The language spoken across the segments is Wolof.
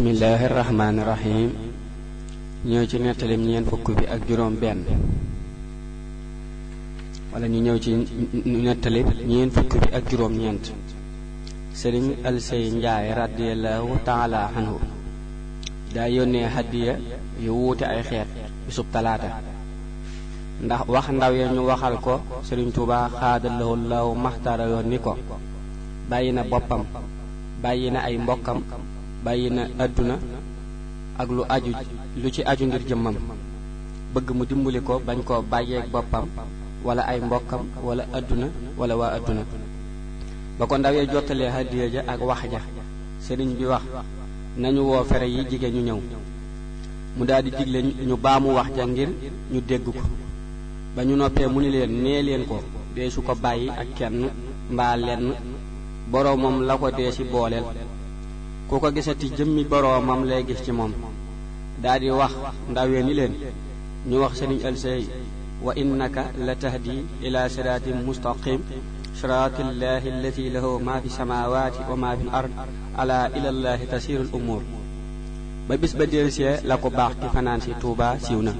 bismillahi rahmaani ci nettalim ñeent fukk wala ñu ñëw ci nettali ñeent fukk bi ak juróom ñeent sëriñ alsey njaay radiallahu taala daa yónnee hadiya yu wuute ay xeet bisub talaata ndax wax ndaw ya ñu waxal ko sëriñ tuuba xaadalawu law maxtara yoon ni ko bàyyi na boppam bàyyi na ay mbokkam bàyyi na àdduna ak lu aju lu ci aju ngir jëmmam bëgg mu dimbali ko bañ koo bàyyeeg boppam wala ay mbokkam walla àdduna wala waa àdduna ba ko ndawee jottalee hadiya ja ak wax ja sëriñ bi wax nañu woo fere yi jigéen ñu ñëw mu daal di digle ñu baamu wax ja ngir ñu dégg ko ba ñu noppee mu ni leen nee leen ko dee su ko bàyyi ak kenn mbaa lenn boroomam la ko dee si booleel ku ko gisati jëmmi boroomam lay gis ci moom daldi wax ndawee ni leen ñu wax sëriñ ëlsey wa innaka la tahdi ila siraatin mustaqim siraati llahi allati lahu ma fi samawati wa ma ba bis ba delsee la ko baax ki fanaan si tuuba siiw na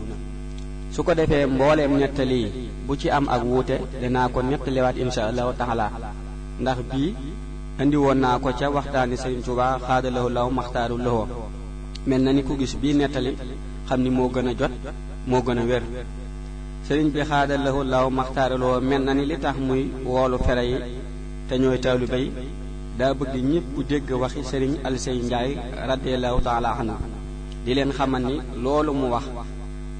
su ko defee mbooleem ñettali bu ci am ak wuute dinaa ko ñettaliwaat insha allahu taala ndax bii indi woon naa ko ca waxtaani Sëriñ Tuubaa xaadalahu law maxtaaru lowoo mel na ni ku gis bii nettali xam ni moo gën a jot moo gën a wér sëriñ bi xaadalahu law maxtaaru lowoo mel na ni li tax muy woolu fere yi te ñooy taalibe yi daa bëgg ñëpp dégg waxi sëriñ Alsey Njaay radiyallahu taala anhu di leen xamal ni loolu mu wax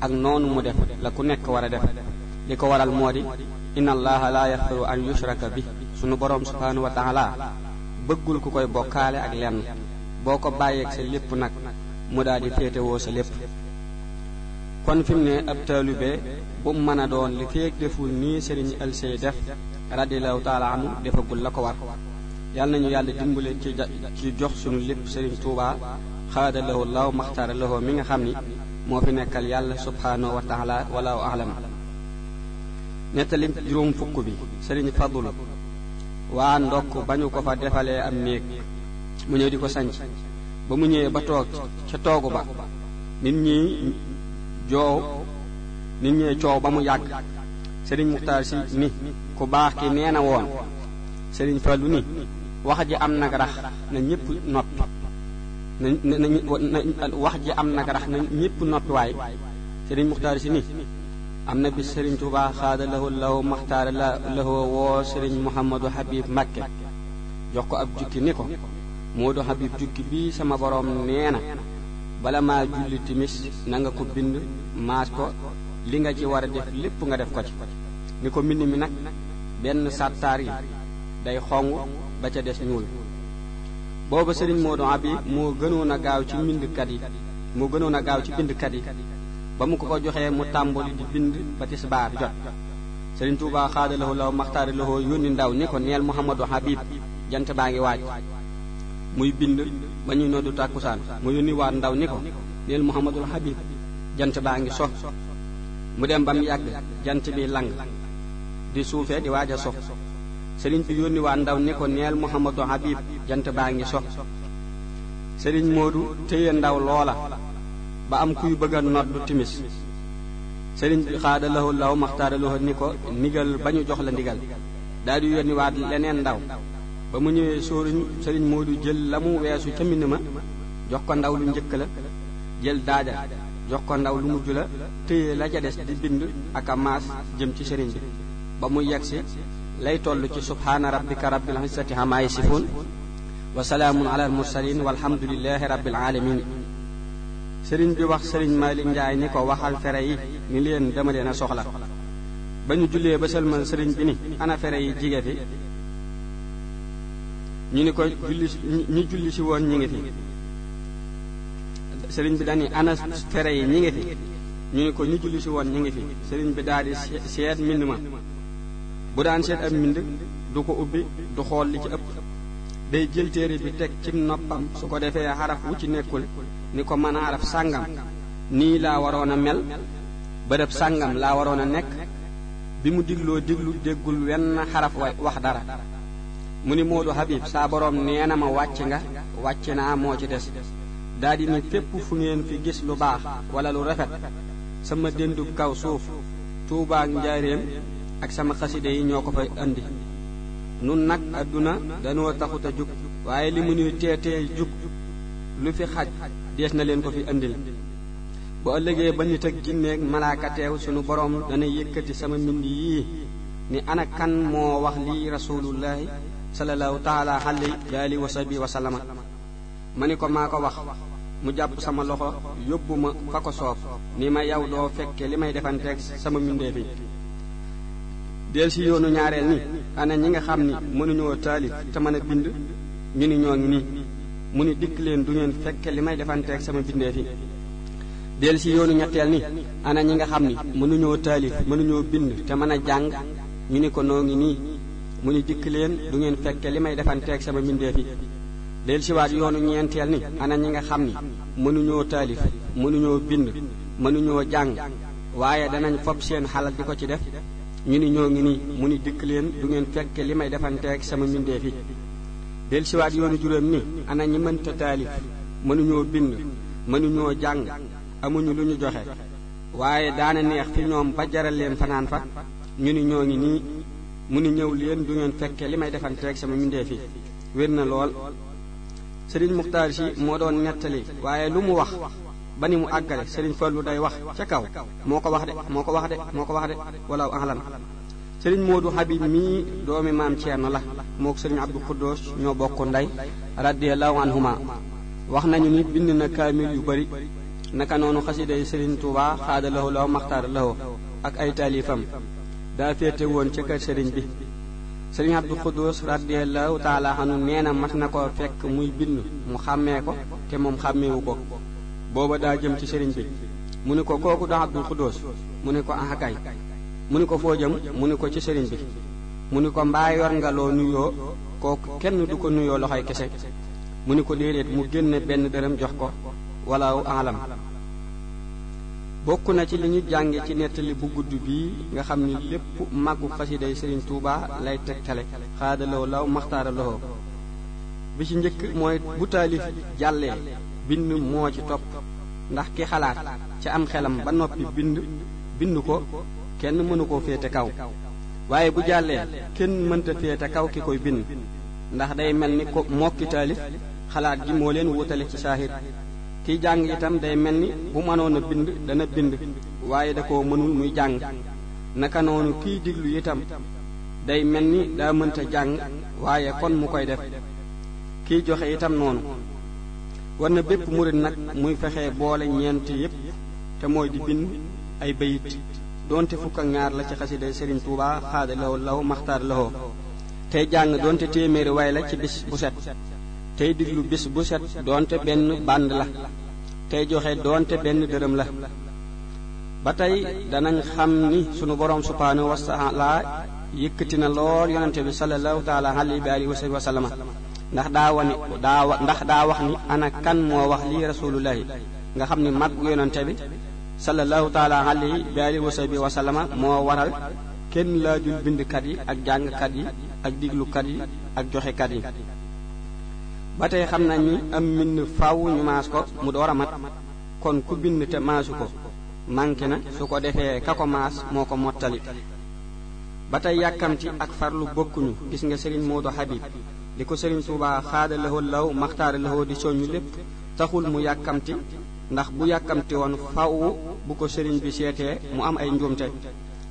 ak noonu mu def la ku nekk war a def li ko waral moo di inna allaha la yaxfiru an bi sunu boroom subhanahu wa bëggul ku koy bokkaale ak lenn boo ko bàyyeeg sa lépp nag mu daal di féetewoo sa lépp kon fi mu ne ab taalube bu mu mën a doon li feeg deful nii sëriñ Alsey def radiallahu taala defagul la ko war yàlla nañu yàlla dimbale ci ci jox sunu lépp sëriñ Tuubaa xaada law maxtaara lahu mi nga xam ni moo fi nekkal yàlla subhaanahu wa taala walaahu alam juróom fukk bi sëriñ Fadlu waa ndokk bañu ko fa defalee am néeg mu ñëw di ko sanc ba mu ñëwee ba toog ca toogu ba nit ñi joow nit ñee coow ba mu yàgg sëriñ muxtaar si ni ku baax ki nee na woon sëriñ Fallu ni wax ji am nag rax na ñépp noppi na na wax ji am nag rax na ñépp noppi waay sëriñ muxtaar si ni am na bis sëriñ Tuubaa xaada lahu law maxtaara lahu woo sëriñ Muhammadu Habib Mbakke jox ko ab jukki ni ko Moodu Habib jukki bii sama borom nee na bala maa julli timis na nga ko bind maas ko li nga ci war a def lépp nga def ko ci ni ko mbind mi nag benn sàttaar yi day xong ba ca des ñuul booba sëriñ Moodu Habib moo gënoon a gaaw ci mbindkat yi moo gënoon a gaaw ci bindkat yi ba mu ko ko joxee mu tàmbali di bind ba tisbaar jot Sëriñ Tuubaa xaadalahu law maxtaari lahoo yónni ndaw ni ko neel Muhammadu Habib jant baa ngi waaj muy bind ba ñu ñuy noddu tàkkusaan mu yónni waat ndaw ni ko neel Muhammadul Habib jant baa ngi so mu dem ba mu yàgg jant bi lang di suufee di waaj a so sëriñ bi yónni waa ndaw ni ko neel Muhammadu Habib jant baa ngi so sëriñ Moodu téye ndaw loola ba am kuy bëgg a noddu timis sëriñ bi xaada laxu law maxtaara ni ko ndigal ba ñu jox la ndigal daal di yónni waat leneen ndaw ba mu ñëwee sóoruñ sëriñ Moodu jël la mu weesu ca mbind ma jox ko ndaw lu njëkk la jël daaja jox ko ndaw lu mujj la téye la ja des di bind ak a jëm ci sëriñ bi ba mu yegsi lay toll ci subhaana rabbika rabbil izzati ammaa yasifuun wa salaamun alal mursaliin walhamdulillahi rabbil aalamiin sëriñ bi wax sëriñ Malick Ndiaye ni ko waxal fere yi ni leen dama leen a soxla ba ñu jullee ba sëlmal sëriñ bi ni ana fere yi jige fi ñu ñu julli woon ñi ngi sëriñ bi dani ana fere yi ñi fi ñu ni ko ñu julli si woon ñi ngi fi sëriñ bi daal di seet mbind ma bu daan seet ab mbind du ko ubbi du xool li ci ëpp day jël téere bi teg ci noppam su ko defee xaraf wu ci nekkul ni ko mën a xaraf sàngam nii laa waroon a mel bërëb sàngam laa waroon a nekk bi mu digloo diglu déggul wenn xaraf wax dara mu ni Moodu Habib saa boroom nee na ma wàcc nga wàcc naa moo ci des daldi ni fépp fu ngeen fi gis lu baax wala lu rafet sama déndub kaw suuf tuubaa njaaréem ak sama xaside yi ñoo ko fay andi nun nag àdduna dañoo taxut a jug waaye li mu nuy teetee jug lu fi xaj dees na leen ko fi andil bu ëllëgee ba nit ak ginneeg malaaka teew sunu borom dana yëkkati sama mbind yii ni ana kan moo wax lii rasulullahi sallallahu taala alayhi wa sahbi wa sallama ma ni ko maa ko wax mu jàpp sama loxo yóbbu ma fa ko soob ni ma yow doo fekke li may defanteeg sama mbindeef yi del si yoonu ñaareel ni ana ñi nga xam ni mënuñoo taalif te mën a bind ñu ni ñoo ngi nii mu ni dikk leen du ngeen fekke li may defante sama bindeef yi del si yoonu ñetteel ni ana ñi nga xam ni mënuñoo taalif mënuñoo bind te mën a jàng ñu ni ko noo ngi nii mu ni dikk leen du ngeen fekke li may defanteeg sama bindeef yi del si waat yoonu ñeenteel ni ana ñi nga xam ni mënuñoo taalif mënuñoo bind mënuñoo jàng waaye danañ fob seen xalal di ko ci def ñu ni ñoo ngi nii mu ni dikk leen du ngeen fekke li may defanteeg sama mbindeef yi del siwaat yoonu juróom ni ana ñi mënta taalif mënuñoo bind mënuñoo jàng amuñu lu ñu joxe waaye daana neex fi ñoom ba jaral leen fanaan fa ñu ni ñoo ngi nii mu ni ñëw leen du ngeen fekke li may defanteeg sama mbindeef yi wér na lool sëriñ Muxtaar si moo doon nettali waaye lu mu wax ba ni mu àggale Serigne Fallou day wax ca kaw moo ko wax de moo ko wax de moo ko wax de walaaw ahlan Serigne Modou Habib mii doomi maam Thierno la mook Serigne Abdou Khoudoss ñoo bokk ndey radiyallahu anhuma wax nañu ni bind na kaamil yu bari naka noonu xasida yi Serigne Touba xaada lahu law maxtaara lahu ak ay taalifam daa féete woon ca kër Serigne bi Serigne Abdou Khoudoss radiyallahu taala anhu nee na mas fekk muy bind mu xàmmee ko te moom xàmmeewu ko booba daa jëm ci sëriñ bi mu ni ko kooku da Abdul Xuddoos mu ni ko ahakaay mu ni ko foo jëm mu ni ko ci sëriñ bi mu ni ko mbaa yor nga nuyoo kooku kenn du ko nuyoo loxoy kese mu ni ko déedéet mu génne benn dërëm jox ko walaaw alam bokk na ci li ñu jànge ci nettali bu gudd bii nga xam ni lépp màggu xasiday Sëriñ Tuubaa lay tegtale xaadalaw law maxtaara loxo bi ci njëkk mooy bu taalif jàllee bind moo ci topp ndax ki xalaat ca am xelam ba noppi bind bind ko kenn mënu koo féete kaw waaye bu jàllee kenn mënta féete kaw ki koy bind ndax day mel ni ko mokki taalif xalaat gi moo leen wutale ci saahir kiy jàng itam day mel ni bu mënoon a bind dana bind waaye da koo mënul muy jàng naka noonu kiy diglu itam day mel ni daa mënta jàng waaye kon mu koy def kiy joxe itam noonu war na bépp murit nag muy fexe boole ñeent yépp te mooy di bind ay bayit donte fukk ak ñaar la ci xasida Serigne Touba xaada law law maxtaar lawoo tey jàng donte téeméeri way la ci bis bu set tey diglu bis bu set donte benn bànd la tey joxe donte benn dërëm la ba tey danañ xam ni sunu borom subhaanahu wa taala yëkkati na lool yonente bi sallallahu taala alayhi wa alihi wa sallama ndax daa ndax daa wax ni ana kan moo wax lii rasulullahi nga xam ni mag yonante bi sallallahu taala bi alihi wa sahbi wa moo waral kenn laajul bindkat yi ak jàngkat yi ak diglukat yi ak joxekat yi ba tey xam na ni am mbind faw ñu maas ko mu door a mat kon ku bind te maasu ko manqué na su ko defee ka maas moo ko mottali ba tey yàkkamti ak farlu bokkuñu gis nga Serigne Modou Habib li ko Sëriñ Tuubaa xaada lahoo law maxtaara lahoo di soññu lépp taxul mu yàkkamti ndax bu yàkkamti woon fàww bu ko sëriñ bi seetee mu am ay njuumte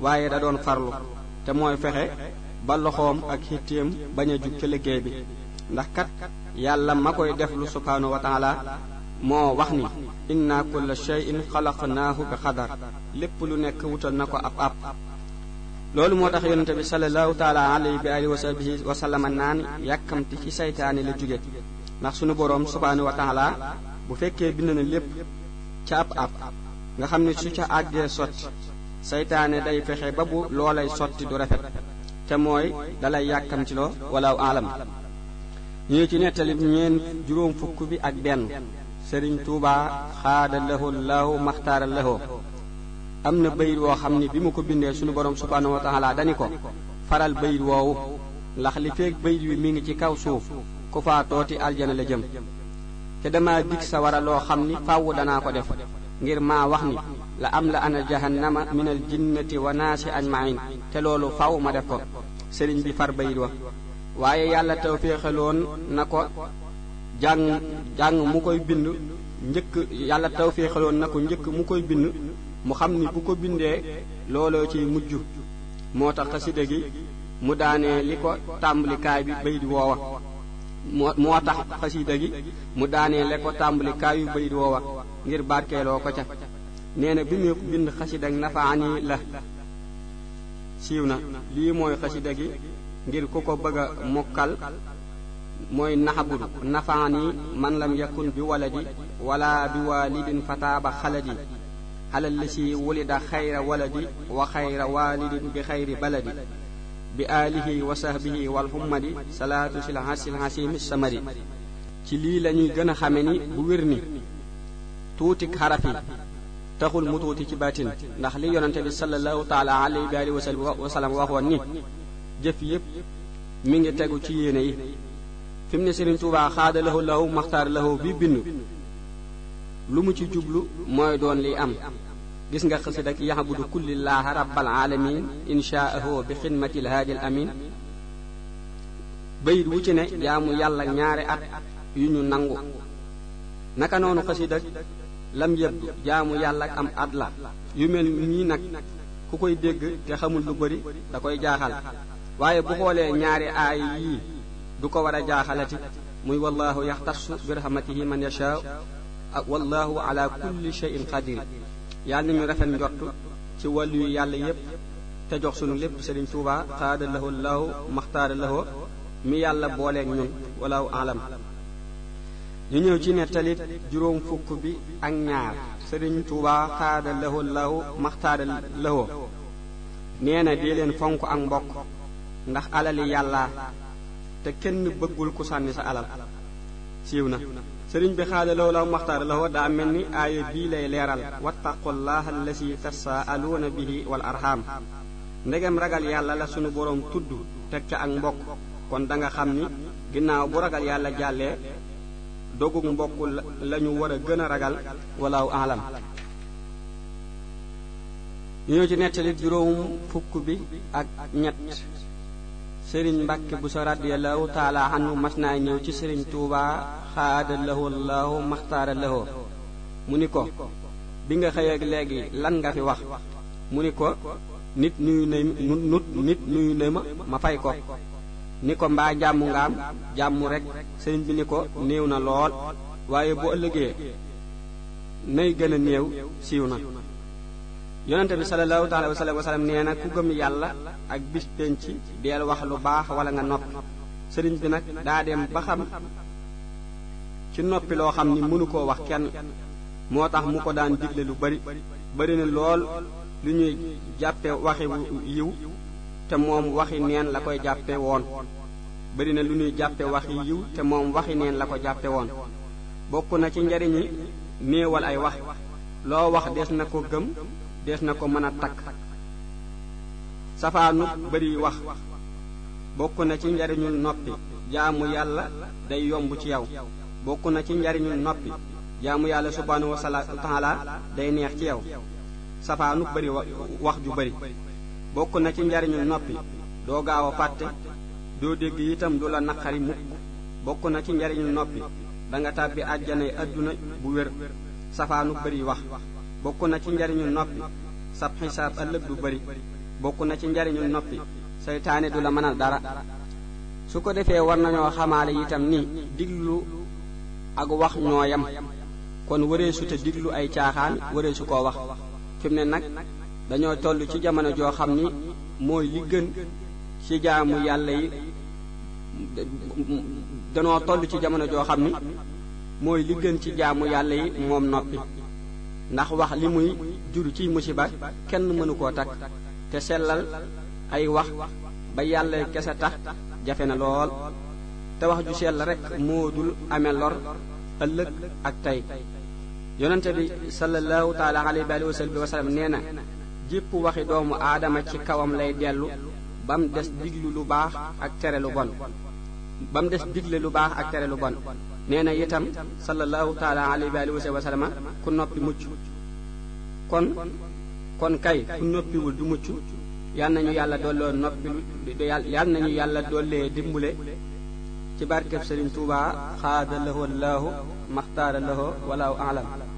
waaye da doon farlu te mooy fexe ba loxoom ak xittéem bañ a jug ca liggéey bi ndax kat yàlla ma koy def lu subhaanahu wa taala moo wax ni inna kulla shay'in xalaqnaahu bi qadar lépp lu nekk wutal na ko ab ab loolu moo tax yonente bi sallallahu taala alayhi bi alihi wa sahbihi wa sallama naan yàkkamti ci saytaane la jóge ndax sunu boroom subhaanahu wa bu fekkee bind na lépp ca ab ab nga xam ni su ca àggee sotti seytaane day fexe ba bu loolay sotti du rafet te mooy dalay yàkkam ci loo walaw alam ñu ci nettali ñeen juróom fukk bi ak benn sëriñ tuuba xaada lahu laahu maxtaara lahu am na bayit woo xam ni bi mu ko bindee suñu borom subhaanahu wa taala dani ko faral bayit woowu ndax li feeg bayit wi mi ngi ci kaw suuf ku faa tooti aljana la jëm te dama sa sawara loo xam ni fàww danaa ko def ngir maa wax ni la am la ana jahannama min al jinnati wa naasi ajmain te loolu fàww ma def ko sëriñ bi far bayit wa waaye yàlla taw féexaloon na ko jàng jàng mu koy bind njëkk yàlla taw féexaloon na ko njëkk mu koy bind mu xam ni bu ko bindee looloo ci mujj moo tax xasida gi mu daanee li ko tàmbalikaay bi bay di woowa moo tax xasida gi mu daanee li ko tàmbalikaay yu bay di woowa ngir barkeeloo ko ca nee na bi muy bind xasida ak nafaani la siiw na lii mooy xasida gi ngir ku ko bëgg a mokkal mooy naxabul nafaani man lam yakun bi waladi wala bi waalidin fataaba xaladi alal la si wulida xayra waladi wa xayra waalidin bi xayri baladi bi aalihi wa sahbihi walhummadi salaatu sil hasil hasimi samari ci lii lañuy ñuy gën a xame ni bu wér ni tuuti xaraf yi taxul mu tuuti ci baatin ndax li yonente bi sallallahu taala alayhi wa alihi waxoon ni jëf yépp mi ngi tegu ci yéene yi fi mu ne Sëriñ Tuubaa xaada lahu lahu maxtaar lahu bi bindu lu mu ci jublu mooy doon liy am gis nga xasida ak yaxbudu kullilaaha rabbal alamin inshaahu bi xidmatil haadil amin bayit wu ci ne jaamu yàlla ñaari at yu ñu nangu naka noonu xasida ak lam jaamu yàlla ak am at la yu mel nii nag ku koy dégg te xamul lu bari da koy jaaxal waaye bu xoolee ñaari aay yii du ko war a jaaxalati muy wallahu yaxtassu bi rahmatihi man ak wallahu ala kulli nañu rafet njott ci wàllu yu te jox sunu lépp Sëriñ Tuuba xaada lahu laahu maxtaara lahu mi yàlla booleeg ñun walaahu ñu ñëw ci nettali juróom fukk bi ak Sëriñ Tuuba xaada lahu laahu maxtaara lahu nee fonk ak mbokk ndax alali yàlla te kenn bëggul ku sànni sa alal siiw na sëriñ bi xaada law maxtaar la daa mel ni aaya bii lay leeral wattaqullaha allasi tasaaluuna bihi wal arham ndegem ragal yàlla la sunu boroom tudd teg ca ak mbokk kon danga xam ni ginnaaw bu ragal yàlla jàllee dogug mbokk lañu war a gën a ragal walaaw alam ñu ci nettali juróom fukk bi ak ñett sëriñ mbàkke bu sa radiyallahu taala anhu mas naa ñëw ci sëriñ tuubaa xaada lahu allahu mu ni ko bi nga xëy léegi lan nga fi wax mu ni ko nit nuyu na ma ma fay ko ni ko mbaa jàmm nga am jàmm rek sëriñ bi ni ko néew na lool waaye bu ëllëgee nay gën a néew siiw na yonente bi sallallahu taala wa sallam wa nee na ku gëm yàlla ak bis penc deel wax lu baax wala nga noppi sëriñ bi nag daa dem ba xam ci noppi loo xam ni mënu koo wax kenn moo tax mu ko daan digle lu bari bari na lool lu ñuy jàppe waxi yiw te moom waxi neen la koy jàppe woon bari na lu ñuy jàppe waxi yiw te moom waxi neen la ko jàppe woon bokk na ci njariñ njariñi néewal ay wax loo wax des na ko gëm dees na ko mën a takk safaanu bëri wax bokk na ci njariñul noppi jaamu yàlla day yomb ci yow bokk na ci njariñul noppi jaamu yàlla subhaanahu wa taala day neex ci yow safaanu bëri wax ju bëri bokk na ci njariñul noppi doo gaaw a fàtte doo dégg itam du la naqari mukk bokk na ci njariñul noppi danga tàbbi àjjanay àdduna bu wér safaanu bëri wax bokk na ci njariñu noppi sab xisaab ëllëg du bëri bokk na ci njariñu noppi seytaane du la mënal dara su ko defee war nañoo xamaale itam ni diglu ak wax ñoo yam kon wëreesu te diglu ay caaxaan wëreesu koo wax fi mu ne nag dañoo toll ci jamono joo xam ni mooy li gën ci jaamu yàlla yi danoo toll ci jamono joo xam ni mooy li gën ci jaamu yàlla yi moom noppi ndax wax li muy jur ci musiba kenn mënu koo takk te sellal ay wax ba yàlla kese tax jafe na lool te wax ju sell rekk moo dul amee lor ëllëg ak tey yonente bi sallallahu taala alayhi wa sallam wa nee na jépp waxi doomu aadama ci kawam lay dellu ba mu des diglu lu baax ak tere lu bon ba mu des digle lu baax ak tere lu bon nee na itam sallallahu taala alayhi wa sallama ku noppi mucc kon kon kay ku noppiwul du mucc yal nañu yàlla dolloo noppi yal nañu yàlla dollee dimbule ci barkeb Sëriñ Tuubaa xaada lahoo laahu maxtaara lahoo walaahu alam